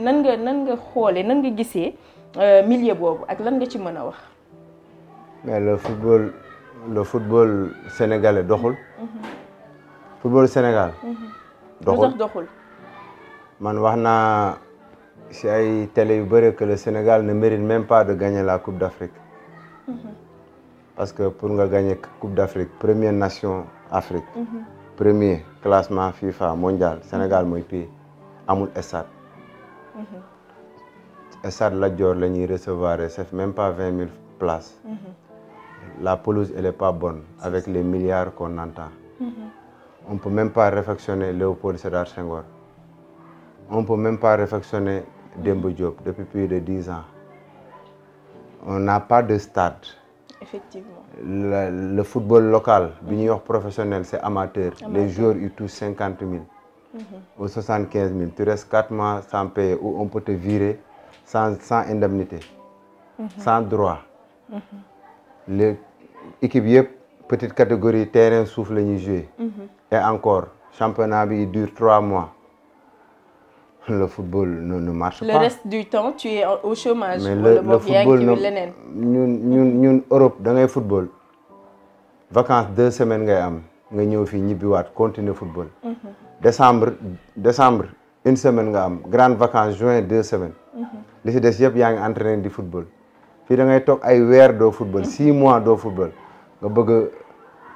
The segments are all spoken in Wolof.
nan nga nan nga xoolee nan nga gisee euh, milieu boobu ak lan nga ci mën a wax. mais le football le football sénégalais doxul. football Sénégal. Mhm. doxul doxul. man wax naa si ay télé yu bëri que le Sénégal ne mérite même pas de gagner la Coupe d'Afrique. Mhm. parce que pour nga gagner Coupe d'Afrique première nation Afrique. Mhm. premier classement FIFA mondial Sénégal mooy pays amul stade. Mm-hmm. stade la joor la ñuy recevoir c'est même pas vingt mille places. Mm-hmm. la pelouse elle est pas bonne avec les milliards qu'on entend. Mm-hmm. on peut même pas réfectionner Léopold Sédar Senghor. on peut même pas réfectionner Demba Diop depuis plus de ans. on n'a pas de stade. effectivement le, le football local bi ñuy wax professionnel c'est amateur. amateur les joueurs ils touchent mille. ou soixante quinze mille tu restes quatre mois sans payer ou on peut te virer sans indemnité. sans droit. les équipe yëpp petite catégorie terrain suuf la ñuy jouer. et encore championnat bi il dure trois mois. le football ne, ne marche le pas. Le reste du temps, tu es au chômage. Mais le, le football, nous, nous, nous, nous, Europe, dans le football, vacances deux semaines, nous avons fini, continuer le football. Mm -hmm. décembre décembre une semaine nga am grande vacances juin deux semaines. Mhm. li si des yëpp yaa ngi entraîné di football. fii da ngay toog ay weer doo football mhm. six mois doo football nga bëgg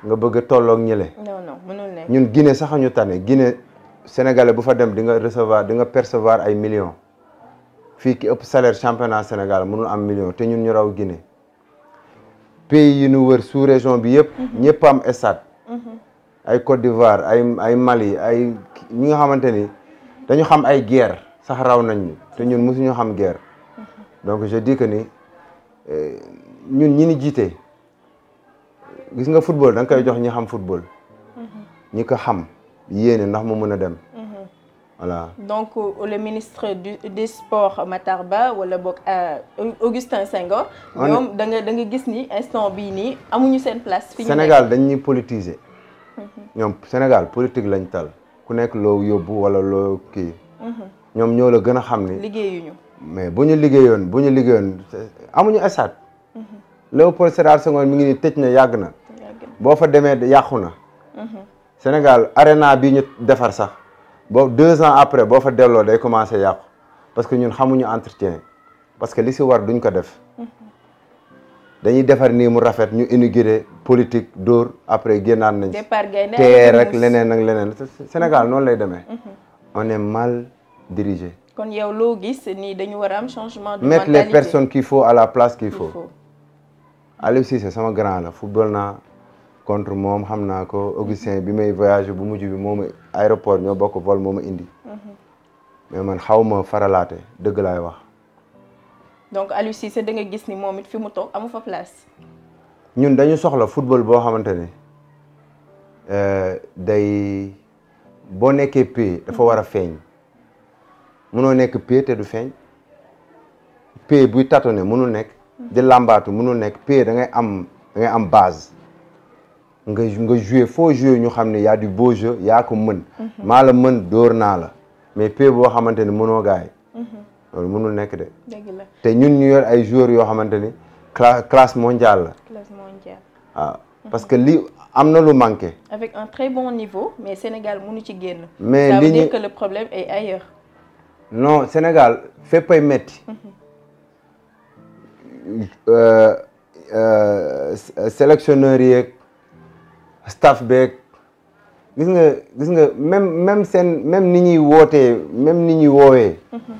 nga bëgg a tolloog ñële. non ñun Guinée sax ñu tane Guinée sénégalais bu fa dem di nga recevoir di nga percevoir ay millions. fii ki ëpp salaire championnat Sénégal mënul am million te ñun ñu raw Guinée. pays yi ñu wër sous région bi yëpp. Mhm. ñëpp am stade. ay Côte d'Ivoire ay ay Mali ay ñi nga xamante ni dañu xam ay guerre sax raw nañ ñu te ñun mosuñu xam guerre donc je dis que ni eh, ñun ñi ni jiite gis nga football da nga koy jox ñi xam football ñi ko xam yéene ndax mu mën a dem voilà donc euh, le ministre du des sports Matar Ba wala boog euh, Augustin Senghor ñoom da nga da nga gis ni instant bii nii amuñu seen place fi ñu Sénégal dañuy politiser ñoom Sénégal politique lañ tal ku nekk loo yóbbu wala loo kii. Mhm. ñoom ñoo la gën a xam ni. liggéeyuñu. mais bu ñu liggéeyoon bu ñu liggéeyoon amuñu esaat. Mhm. Léopold Sédar Senghor mi ngi nii tëj na yàgg na. boo fa demee yàqu na. Mhm. Sénégal arena bi ñu defar sax boo deux ans après boo fa delloo day commencé yàqu parce que ñun xamuñu entretien parce que li si war duñ ko def. dañuy defar nii mu rafet ñu inauguré politique dóor après génnaat nañ teer rek leneen ak leneen mhm. Sénégal noonu lay demee mhm. on est mal dirigé kon yow gis nii dañu war a am changement de mentalité qu'il faut à la place qu'il faut Aliou Cissé sama grand la football naa contre moom xam naa ko mhm. Augustin bi may voyagé bu mujj bi moom aéroport ñoo bokk vol moo ma indi mais man xaw ma faralaate dëgg laay wax donc Aliou Cissé da nga gis ni moom it fi mu toog amu fa place. ñun dañu soxla football boo xamante ne euh, day boo nekkee pay dafa war a feeñ mënoo nekk pay te du feeñ pay buy tâtonné mënul nekk. di làmbaatu mënul nekk pay da ngay am da ngay am base. nga nga joué foo joué ñu xam ne y a du beau yaa ko mën. Mhm. maa la mën dóor naa la mais pay boo xamante ne mënoo gaay mhm. loolu mënul nekk de. te ñun ñu yor ay joueurs yoo xamante ni classe classe mondiale la. Ah, mhm. parce que lii am na lu manqué. avec un très bon niveau mais Sénégal mënu ci génn. mais li ñu ça le problème est ailleurs. non Sénégal féppay metti mhm. euh, euh, sélectionneur yeeg staff beeg gis nga gis nga même même seen même ni ñuy wootee même ni ñuy woowee. Mhm.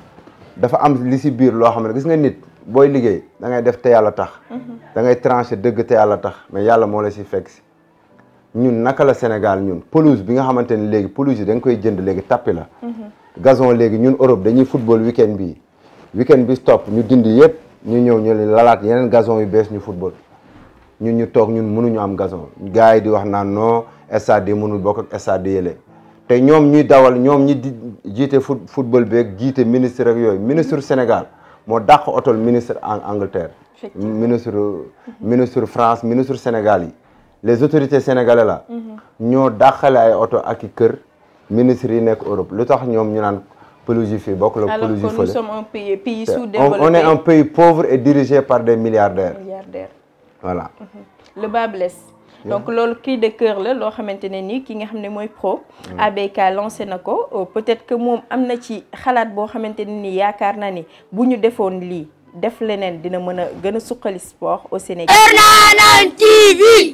dafa am li si biir loo xam ne gis nga nit booy liggéey dangay def te yàlla tax. Mhm. da ngay tranché dëgg te yàlla tax mais yàlla moo la si fekk si. ñun naka la Sénégal ñun pelouse bi nga xamante ni léegi pelouse yi da nga koy jënd léegi tappi la. Mhm. gazon léegi ñun Europe dañuy football weekend bii. weekend bi stop ñu dindi yëpp ñu ñëw ñu lalaat yeneen gazon yu bees ñu football ñun ñu toog ñun mënuñu am gazon gars yi di wax naan noo stade yi mënul bokk ak stade yële te ñoom ñuy dawal ñoom ñi jiite foot football beek jiite ministre ak yooyu ministre mm-hmm. Sénégal moo dàq otol ministre en Angleterre. ministre mm-hmm. ministre France ministre Sénégal yi les autorités sénégalais mm-hmm. ñoo dàqale ay oto ak i kër ministres yi nekk Europe lu tax ñoom ñu naan pelouse fii bokk la pelouse fële. alors que nous un pays pays sous-développé on est un pays pauvre et dirigé par des milliardaires. milliardaires voilà. donc loolu cri de cœur la loo xamante ne nii ki nga xam ne mooy pro. ABK lancé na ko euh, peut-être que moom am na ci xalaat boo xamante ne nii yaakaar naa ni bu ñu defoon lii def leneen dina mën a gën a suqali sport au Sénégal. TV.